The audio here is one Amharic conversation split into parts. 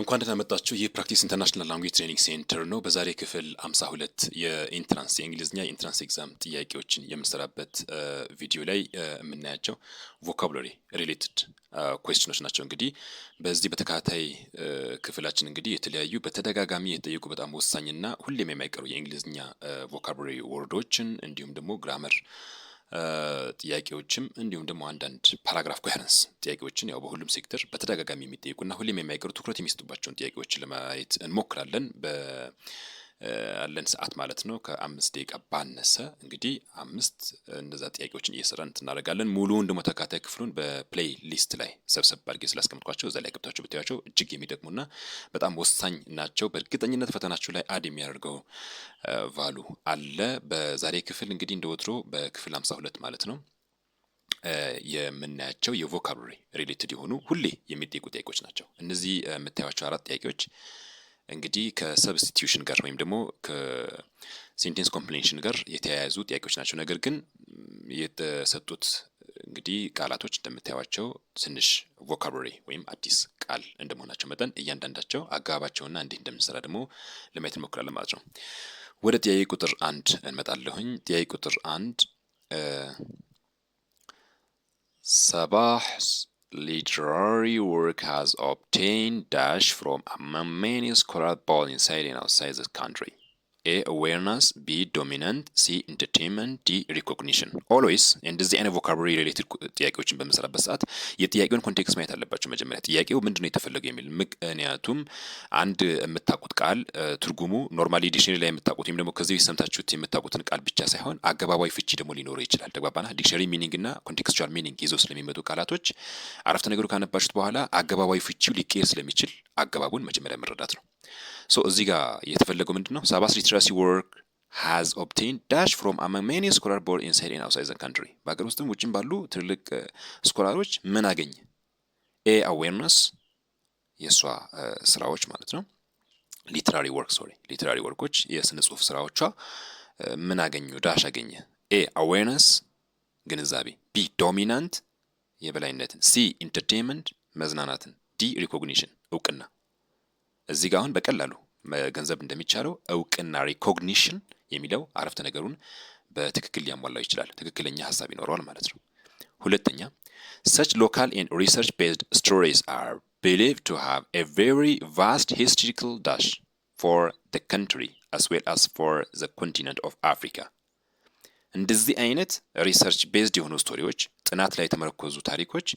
እንኳን ደህና መጣችሁ። ይህ ፕራክቲስ ኢንተርናሽናል ላንጉጅ ትሬኒንግ ሴንተር ነው። በዛሬ ክፍል 52 የኢንትራንስ የእንግሊዝኛ የኢንትራንስ ኤግዛም ጥያቄዎችን የምንሰራበት ቪዲዮ ላይ የምናያቸው ቮካብሎሪ ሪሌትድ ኩዌስችኖች ናቸው። እንግዲህ በዚህ በተከታታይ ክፍላችን እንግዲህ የተለያዩ በተደጋጋሚ የተጠየቁ በጣም ወሳኝና ሁሌም የማይቀሩ የእንግሊዝኛ ቮካብሎሪ ወርዶችን እንዲሁም ደግሞ ግራመር ጥያቄዎችም እንዲሁም ደግሞ አንዳንድ ፓራግራፍ ኮሄረንስ ጥያቄዎችን ያው በሁሉም ሴክተር በተደጋጋሚ የሚጠይቁና ሁሌም የማይቀሩ ትኩረት የሚሰጡባቸውን ጥያቄዎችን ለማየት እንሞክራለን። ያለን ሰዓት ማለት ነው ከአምስት ደቂቃ ባነሰ እንግዲህ አምስት እንደዛ ጥያቄዎችን እየሰራን እናደርጋለን። ሙሉውን ደግሞ ተካታይ ክፍሉን በፕሌይ ሊስት ላይ ሰብሰብ አድርጌ ስላስቀምጥኳቸው እዛ ላይ ገብታችሁ ብታያቸው እጅግ የሚጠቅሙና በጣም ወሳኝ ናቸው። በእርግጠኝነት ፈተናችሁ ላይ አድ የሚያደርገው ቫሉ አለ። በዛሬ ክፍል እንግዲህ እንደ ወትሮ በክፍል ሃምሳ ሁለት ማለት ነው የምናያቸው የቮካብሪ ሪሌትድ የሆኑ ሁሌ የሚጠይቁ ጥያቄዎች ናቸው። እነዚህ የምታዩቸው አራት ጥያቄዎች እንግዲህ ከሰብስቲቱሽን ጋር ወይም ደግሞ ከሴንቴንስ ኮምፕሌንሽን ጋር የተያያዙ ጥያቄዎች ናቸው። ነገር ግን የተሰጡት እንግዲህ ቃላቶች እንደምታዩቸው ትንሽ ቮካብሪ ወይም አዲስ ቃል እንደመሆናቸው መጠን እያንዳንዳቸው አጋባቸውና እንዲህ እንደምንሰራ ደግሞ ለማየት እንሞክራለን ማለት ነው። ወደ ጥያቄ ቁጥር አንድ እንመጣለሁኝ። ጥያቄ ቁጥር አንድ ሰባህ literary work has obtained dash from among many scholars both inside and outside the country. ኤ አዌርነስ ቢ ዶሚናንት ሲ ኢንተርቴንመንት ዲ ሪኮግኒሽን። ኦልዌይስ እንደዚህ አይነት ቮካብሪ ሪሌትድ ጥያቄዎችን በምሰራበት ሰዓት የጥያቄውን ኮንቴክስት ማየት አለባቸው። መጀመሪያ ጥያቄው ምንድን ነው የተፈለገው የሚል ምክንያቱም አንድ የምታውቁት ቃል ትርጉሙ ኖርማሊ ዲክሽነሪ ላይ የምታውቁት ወይም ደግሞ ከዚህ ሰምታችሁት የምታውቁትን ቃል ብቻ ሳይሆን አገባባዊ ፍቺ ደግሞ ሊኖረው ይችላል። ተግባባና ዲክሽነሪ ሚኒንግ እና ኮንቴክስቹዋል ሚኒንግ ይዘው ስለሚመጡ ቃላቶች አረፍተ ነገሩ ካነባችሁት በኋላ አገባባዊ ፍቺው ሊቀየር ስለሚችል አገባቡን መጀመሪያ መረዳት ነው። ሶ እዚህ ጋር የተፈለገው ምንድን ነው? ሳባስ ሊትራሲ ወርክ ሃዝ ኦብቴን ዳሽ ፍሮም አማንግ ሜኒ ስኮላር ቦርን ኢንሳይድ ኤንድ አውትሳይድ ዘ ካንትሪ በሀገር ውስጥም ውጭም ባሉ ትልልቅ ስኮላሮች uh, ምን አገኘ? ኤ አዌርነስ የእሷ uh, ስራዎች ማለት ነው። ሊትራሪ ወርክ ሶሪ ሊትራሪ ወርኮች የስነ ጽሁፍ ስራዎቿ uh, ምን አገኙ? ዳሽ አገኘ። ኤ አዌርነስ ግንዛቤ፣ ቢ ዶሚናንት የበላይነትን፣ ሲ ኢንተርቴንመንት መዝናናትን፣ ዲ ሪኮግኒሽን እውቅና እዚህ ጋር አሁን በቀላሉ መገንዘብ እንደሚቻለው እውቅና ሪኮግኒሽን የሚለው አረፍተ ነገሩን በትክክል ሊያሟላው ይችላል። ትክክለኛ ሀሳብ ይኖረዋል ማለት ነው። ሁለተኛ such local and research based stories are believed to have a very vast historical dash for the country as well as for the continent of Africa እንደዚህ አይነት ሪሰርች ቤዝድ የሆኑ ስቶሪዎች ጥናት ላይ የተመረኮዙ ታሪኮች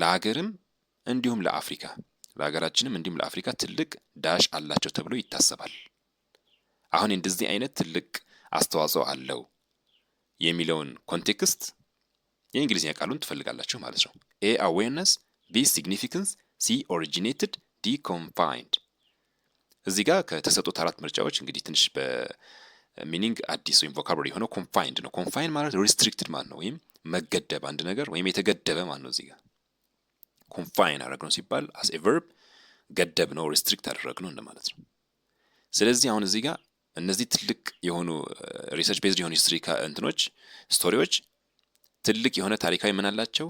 ለሀገርም እንዲሁም ለአፍሪካ ለሀገራችንም እንዲሁም ለአፍሪካ ትልቅ ዳሽ አላቸው ተብሎ ይታሰባል። አሁን እንደዚህ አይነት ትልቅ አስተዋጽኦ አለው የሚለውን ኮንቴክስት የእንግሊዝኛ ቃሉን ትፈልጋላችሁ ማለት ነው። ኤ አዌርነስ፣ ቢ ሲግኒፊካንስ፣ ሲ ኦሪጂኔትድ፣ ዲ ኮንፋይንድ። እዚህ ጋር ከተሰጡት አራት ምርጫዎች እንግዲህ ትንሽ በሚኒንግ አዲስ ወይም ቮካብሪ የሆነው ኮንፋይንድ ነው። ኮንፋይንድ ማለት ሪስትሪክትድ ማለት ነው፣ ወይም መገደብ አንድ ነገር ወይም የተገደበ ማለት ነው እዚህ ጋር ኮንፋይን አደረግ ነው ሲባል አስ ኤ ቨርብ ገደብ ነው ሪስትሪክት አደረግ ነው እንደማለት ነው። ስለዚህ አሁን እዚህ ጋር እነዚህ ትልቅ የሆኑ ሪሰርች uh, ቤዝድ የሆኑ ሂስትሪ እንትኖች ስቶሪዎች ትልቅ የሆነ ታሪካዊ ምን አላቸው?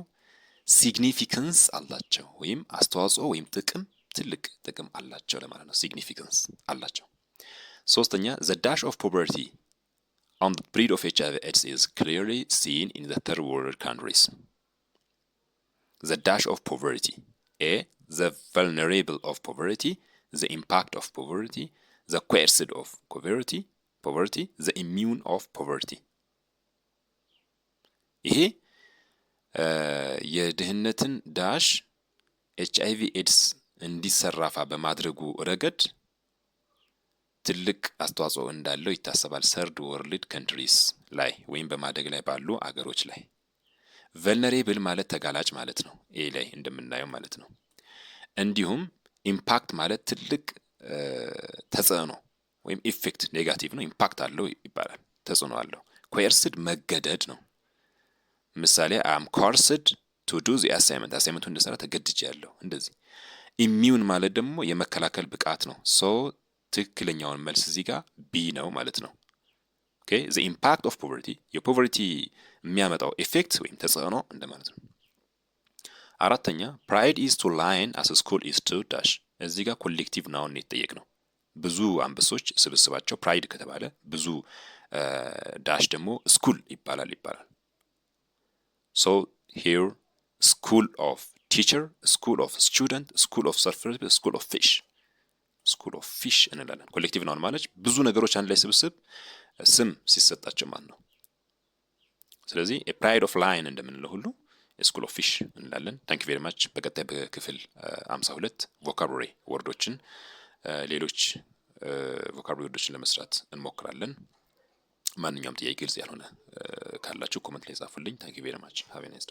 ሲግኒፊካንስ አላቸው፣ ወይም አስተዋጽኦ ወይም ጥቅም ትልቅ ጥቅም አላቸው ለማለት ነው። ሲግኒፊካንስ አላቸው። ሶስተኛ ዘ ዳሽ ኦፍ ፖቨርቲ on the breed of HIV AIDS is clearly seen in the third world countries ዘ ዳሽ ኦፍ ፖቨርቲ ኤ ዘ ቨልነሬብል ኦፍ ፖቨርቲ ዘ ኢምፓክት ኦፍ ፖቨርቲ ዘ ኮርስድ ኦፍ ፖቨርቲ ፖቨርቲ ዘ ኢሚውን ኦፍ ፖቨርቲ። ይሄ የድህነትን ዳሽ ኤች አይ ቪ ኤድስ እንዲሰራፋ በማድረጉ ረገድ ትልቅ አስተዋጽኦ እንዳለው ይታሰባል። ሰርድ ወርልድ ከንትሪስ ላይ ወይም በማደግ ላይ ባሉ አገሮች ላይ ቨልነሬብል ማለት ተጋላጭ ማለት ነው። ይሄ ላይ እንደምናየው ማለት ነው። እንዲሁም ኢምፓክት ማለት ትልቅ ተጽዕኖ ወይም ኢፌክት ኔጋቲቭ ነው፣ ኢምፓክት አለው ይባላል። ተጽዕኖ አለው። ኮርስድ መገደድ ነው። ምሳሌ አም ኮርስድ ቱ ዱ ዚ አሳይመንት አሳይመንቱ እንደሰራ ተገድጅ ያለው እንደዚህ። ኢሚውን ማለት ደግሞ የመከላከል ብቃት ነው። ሶ ትክክለኛውን መልስ እዚህ ጋር ቢ ነው ማለት ነው። ኦኬ ዘ ኢምፓክት ኦፍ ፖቨርቲ የፖቨርቲ የሚያመጣው ኢፌክት ወይም ተጽዕኖ እንደማለት ነው። አራተኛ ፕራይድ ኢዝ ቱ ላይን አስ ስኩል ኢዝ ቱ ዳሽ። እዚህ ጋር ኮሌክቲቭ ናውን የተጠየቅ ነው። ብዙ አንበሶች ስብስባቸው ፕራይድ ከተባለ ብዙ ዳሽ ደግሞ ስኩል ይባላል ይባላል። ሶ ሂር ስኩል ኦፍ ቲቸር፣ ስኩል ኦፍ ስቱደንት፣ ስኩል ኦፍ ሰርፍ፣ ስኩል ኦፍ ፊሽ፣ ስኩል ኦፍ ፊሽ እንላለን። ኮሌክቲቭ ናውን ማለት ብዙ ነገሮች አንድ ላይ ስብስብ ስም ሲሰጣቸው ማለት ነው። ስለዚህ ፕራይድ ኦፍ ላይን እንደምንለው ሁሉ ስኩል ኦፍ ፊሽ እንላለን። ታንክ ቬሪ ማች። በቀጣይ በክፍል 52 ቮካብሪ ወርዶችን ሌሎች ቮካብሪ uh, ወርዶችን ለመስራት እንሞክራለን። ማንኛውም ጥያቄ ግልጽ ያልሆነ uh, ካላችሁ ኮመንት ላይ ጻፉልኝ። ታንክ ቬሪ ማች። ሀቬ ናይስ